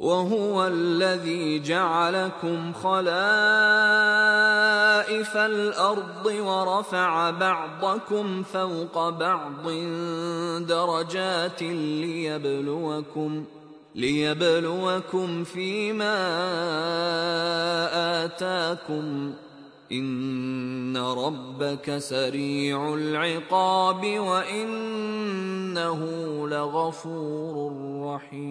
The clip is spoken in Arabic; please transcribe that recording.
وهو الذي جعلكم خلائف الارض ورفع بعضكم فوق بعض درجات ليبلوكم ليبلوكم فيما اتاكم ان ربك سريع العقاب وانه لغفور رحيم